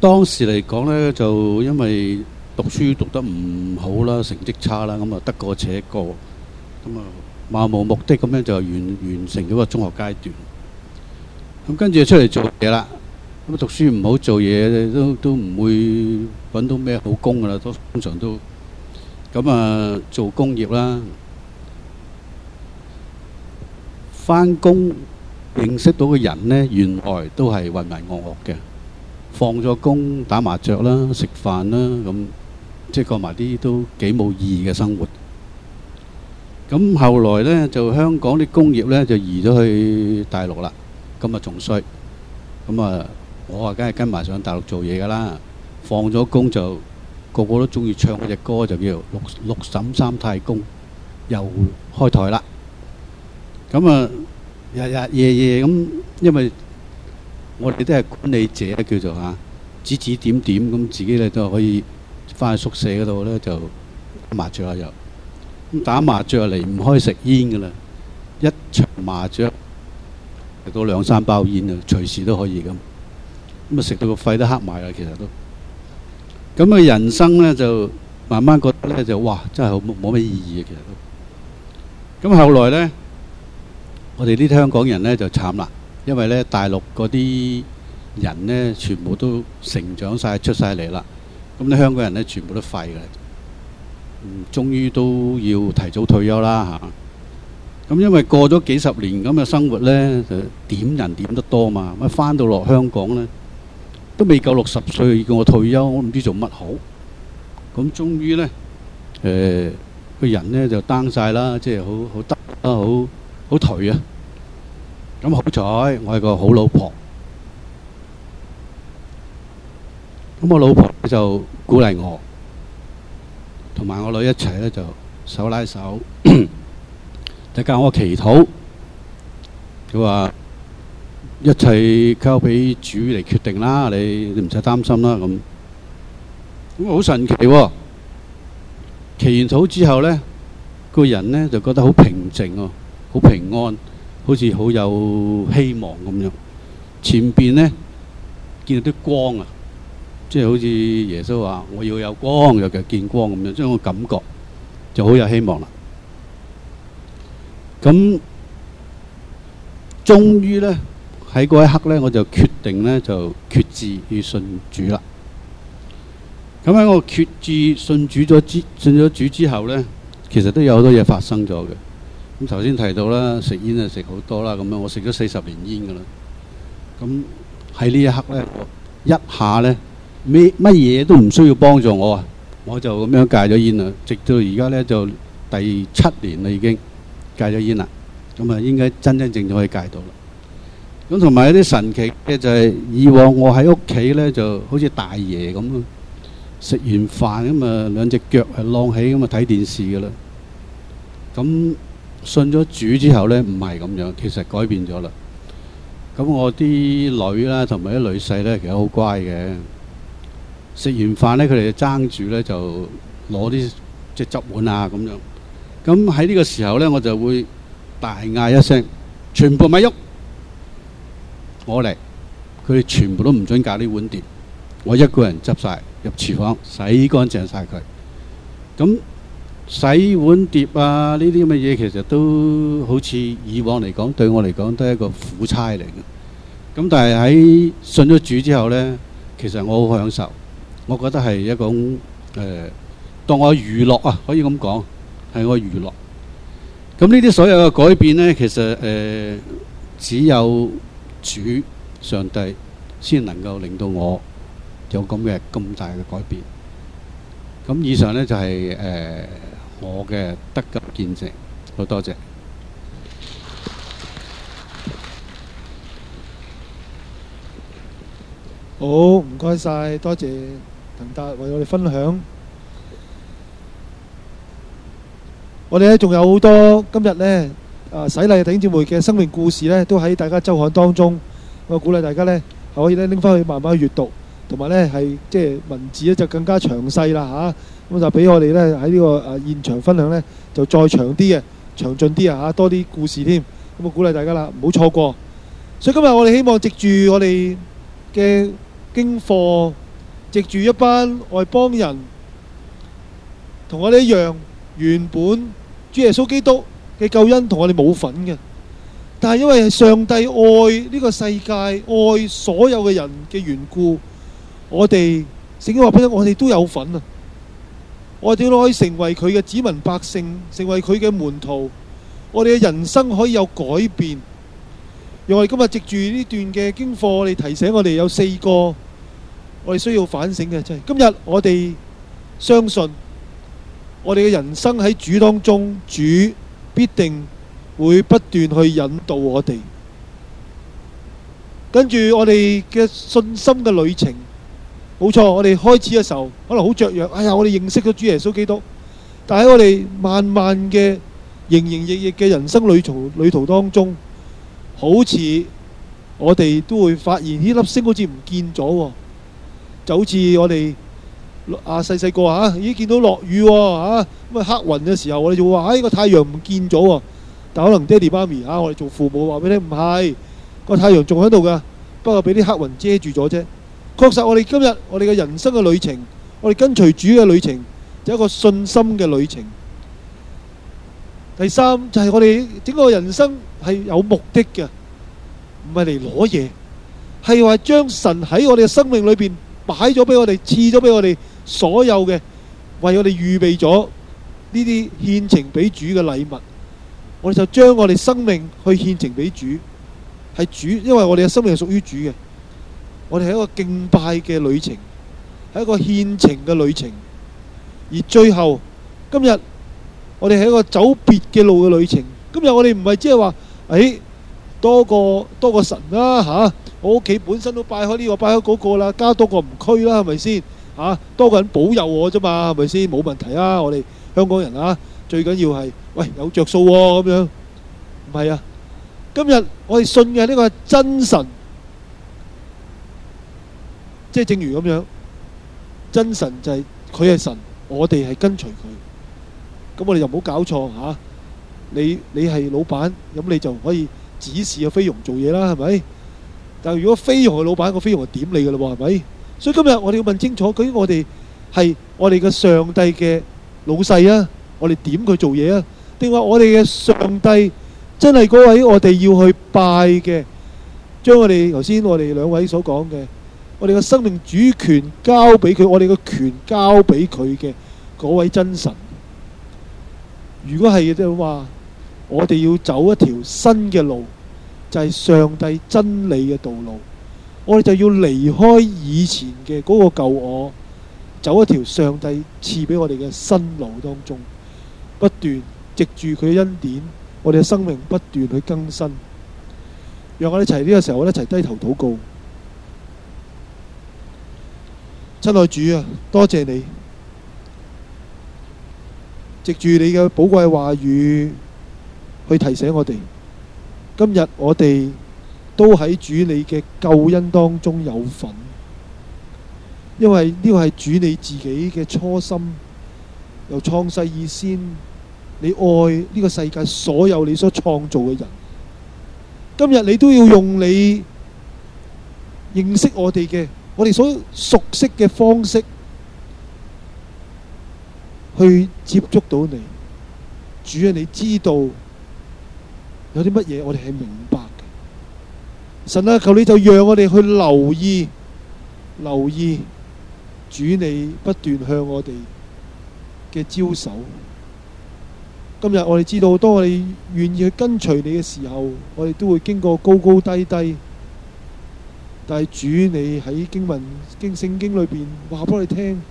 當時嚟講咧，就因為讀書讀得唔好啦，成績差啦，咁啊得過且過，咁啊漫無目的咁樣就完完成咗個中學階段。咁跟住就出嚟做嘢啦，咁讀書唔好做嘢，都都唔會搵到咩好工噶啦，都通常都咁啊做工業啦，翻工。認識到嘅人呢，原來都係混混噩噩嘅，放咗工打麻雀啦、食飯啦，咁即係過埋啲都幾冇意義嘅生活。咁後來呢，就香港啲工業呢，就移咗去大陸啦。咁啊，仲衰。咁啊，我啊梗係跟埋上大陸做嘢㗎啦。放咗工就個個都中意唱嗰隻歌，就叫做《六六嬸三太公》又開台啦。咁啊～日日夜夜咁，因為我哋都係管理者叫做吓、啊，指指點點咁，自己咧都可以翻去宿舍嗰度咧就麻雀下又，咁打麻雀離唔開食煙㗎喇，一場麻雀食到兩三包煙啊，隨時都可以咁，咁啊食到個肺都黑埋啦，其實都，咁啊人生咧就慢慢覺得咧就哇真係冇冇咩意義嘅其實都，咁後來咧。我哋啲香港人咧就慘啦，因為咧大陸嗰啲人咧全部都成長曬出曬嚟啦，咁咧香港人咧全部都廢啦，嗯，終於都要提早退休啦嚇。咁因為過咗幾十年咁嘅生活咧，就點人點得多嘛，咁返到落香港咧都未夠六十歲，叫我退休，我唔知做乜好。咁終於咧，誒個人咧就 down 曬啦，即係好好得啊好。好頹啊！咁好彩，我係個好老婆。咁我老婆就鼓勵我，同埋我女一齊咧，就手拉手， 就教我祈禱。佢話一切交俾主嚟決定啦，你你唔使擔心啦。咁好神奇喎、啊！祈禱之後呢，個人呢就覺得好平靜哦、啊。.好平安，好似好有希望咁樣。前邊呢，見到啲光啊，即係好似耶穌話：我要有光，尤其見光咁樣，將個感覺就好有希望啦。咁終於呢，喺嗰一刻呢，我就決定呢，就決志去信主啦。咁喺我決志信主咗之信咗主之後呢，其實都有好多嘢發生咗嘅。咁頭先提到啦，食煙啊食好多啦，咁樣我食咗四十年煙噶啦。咁喺呢一刻咧，我一下咧咩乜嘢都唔需要幫助我啊，我就咁樣戒咗煙啦。直到而家咧就第七年啦，已經戒咗煙啦。咁啊應該真真正正可以戒到啦。咁同埋有啲神奇嘅就係、是、以往我喺屋企咧，就好似大爺咁啊，食完飯咁啊兩隻腳係晾起咁啊睇電視噶啦，咁。信咗主之後呢，唔係咁樣，其實改變咗啦。咁我啲女啦，同埋啲女婿呢，其實好乖嘅。食完飯呢，佢哋就爭住呢，就攞啲即係執碗啊咁樣。咁喺呢個時候呢，我就會大嗌一聲：全部咪喐！我嚟，佢哋全部都唔准搞呢碗碟，我一個人執晒入廚房洗乾淨晒佢。咁洗碗碟啊，呢啲咁嘅嘢，其實都好似以往嚟講，對我嚟講都係一個苦差嚟嘅。咁但係喺信咗主之後呢，其實我好享受，我覺得係一種誒、呃，當我娛樂啊，可以咁講，係我娛樂。咁呢啲所有嘅改變呢，其實誒、呃、只有主上帝先能夠令到我有咁嘅咁大嘅改變。咁以上呢，就係、是。誒、呃。我嘅得救見證，好多謝。好，唔該晒，多謝騰達為我哋分享。我哋咧仲有好多今日咧啊，洗禮弟兄姊妹嘅生命故事咧，都喺大家週刊當中。我鼓勵大家咧，可以咧拎返去慢慢去閱讀，同埋咧係即係文字咧就更加詳細啦嚇。咁就俾我哋咧喺呢個誒現場分享咧，就再長啲嘅，詳盡啲啊吓，多啲故事添。咁啊，鼓勵大家啦，唔好錯過。所以今日我哋希望藉住我哋嘅經課，藉住一班外邦人同我哋一樣，原本主耶穌基督嘅救恩同我哋冇份嘅，但係因為上帝愛呢個世界，愛所有嘅人嘅緣故，我哋聖經話俾我哋都有份啊！我哋都可以成為佢嘅子民百姓，成為佢嘅門徒。我哋嘅人生可以有改變。而我哋今日藉住呢段嘅經課，我哋提醒我哋有四個我哋需要反省嘅，就係今日我哋相信我哋嘅人生喺主當中，主必定會不斷去引導我哋。跟住我哋嘅信心嘅旅程。冇錯，我哋開始嘅時候可能好雀躍。哎呀，我哋認識咗主耶穌基督，但喺我哋慢慢嘅營營役役嘅人生旅途旅途當中，好似我哋都會發現呢粒星好似唔見咗，就好似我哋阿細細個吓，咦見到落雨吓，咁啊黑雲嘅時候，我哋就會話，哎個太陽唔見咗，但可能爹哋媽咪啊，我哋做父母話俾你，唔係個太陽仲喺度噶，不過俾啲黑雲遮住咗啫。確實我，我哋今日我哋嘅人生嘅旅程，我哋跟隨主嘅旅程，就係、一個信心嘅旅程。第三就係、係、我哋整個人生係有目的嘅，唔係嚟攞嘢。係話將神喺我哋嘅生命裏邊擺咗俾我哋，賜咗俾我哋，所有嘅為我哋預備咗呢啲獻情俾主嘅禮物，我哋就將我哋生命去獻情俾主，係主，因為我哋嘅生命係屬於主嘅。我哋係一個敬拜嘅旅程，係一個獻情嘅旅程，而最後今日我哋係一個走別嘅路嘅旅程。今日我哋唔係即係話，誒、哎，多個多個神啦、啊、吓、啊，我屋企本身都拜開呢、這個，拜開嗰個啦，加多個唔拘啦，係咪先？吓、啊，多個人保佑我咋嘛，係咪先？冇問題啊，我哋香港人啊，最緊要係，喂，有着數喎咁樣，唔係啊？今日我哋信嘅呢、這個係真神。即係，正如咁樣，真神就係佢係神，我哋係跟隨佢。咁我哋又唔好搞錯吓，啊，你你係老闆，咁你就可以指示阿菲傭做嘢啦，係咪？但係如果菲傭係老闆，個菲傭係點你噶啦，係咪？所以今日我哋要問清楚，究竟我哋係我哋嘅上帝嘅老細啊，我哋點佢做嘢啊？定話我哋嘅上帝真係嗰位我哋要去拜嘅，將我哋頭先我哋兩位所講嘅。我哋嘅生命主權交俾佢，我哋嘅權交俾佢嘅嗰位真神。如果係嘅，即係話，我哋要走一條新嘅路，就係、是、上帝真理嘅道路。我哋就要離開以前嘅嗰個舊我，走一條上帝賜俾我哋嘅新路當中，不斷藉住佢嘅恩典，我哋嘅生命不斷去更新。讓我哋一齊呢、這個時候，我哋一齊低頭禱告。親愛主啊，多謝你，藉住你嘅寶貴話語去提醒我哋，今日我哋都喺主你嘅救恩當中有份，因為呢個係主你自己嘅初心，由創世以先，你愛呢個世界所有你所創造嘅人，今日你都要用你認識我哋嘅。我哋所熟悉嘅方式去接觸到你，主啊，你知道有啲乜嘢我哋係明白嘅。神啊，求你就讓我哋去留意、留意主，你不斷向我哋嘅招手。今日我哋知道，當我哋願意去跟隨你嘅時候，我哋都會經過高高低低。但主，你喺經文經聖經裏邊話俾我哋聽，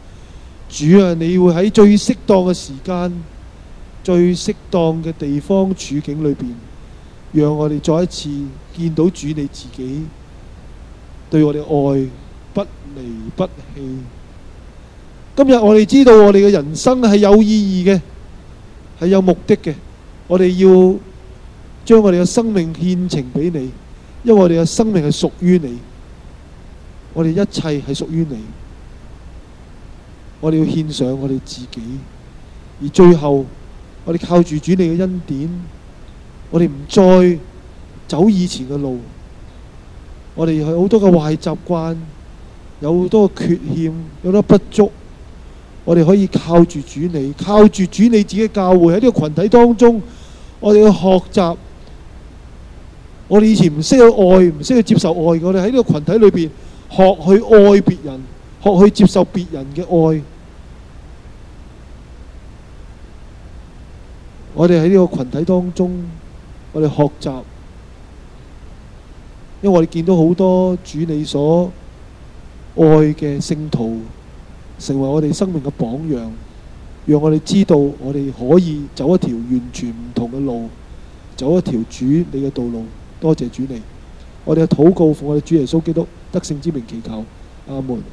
主啊，你會喺最適當嘅時間、最適當嘅地方、處境裏邊，讓我哋再一次見到主你自己對我哋愛不離不棄。今日我哋知道我哋嘅人生係有意義嘅，係有目的嘅。我哋要將我哋嘅生命獻呈俾你，因為我哋嘅生命係屬於你。我哋一切係屬於你，我哋要獻上我哋自己，而最後我哋靠住主你嘅恩典，我哋唔再走以前嘅路。我哋係好多嘅壞習慣，有好多嘅缺陷，有好多不足。我哋可以靠住主你，靠住主你自己嘅教會，喺呢個群體當中，我哋要學習。我哋以前唔識去愛，唔識去接受愛。我哋喺呢個群體裏邊，學去愛別人，學去接受別人嘅愛。我哋喺呢個群體當中，我哋學習，因為我哋見到好多主你所愛嘅聖徒，成為我哋生命嘅榜樣，讓我哋知道我哋可以走一條完全唔同嘅路，走一條主你嘅道路。多謝主你，我哋嘅禱告奉我哋主耶穌基督得勝之名構，祈求阿門。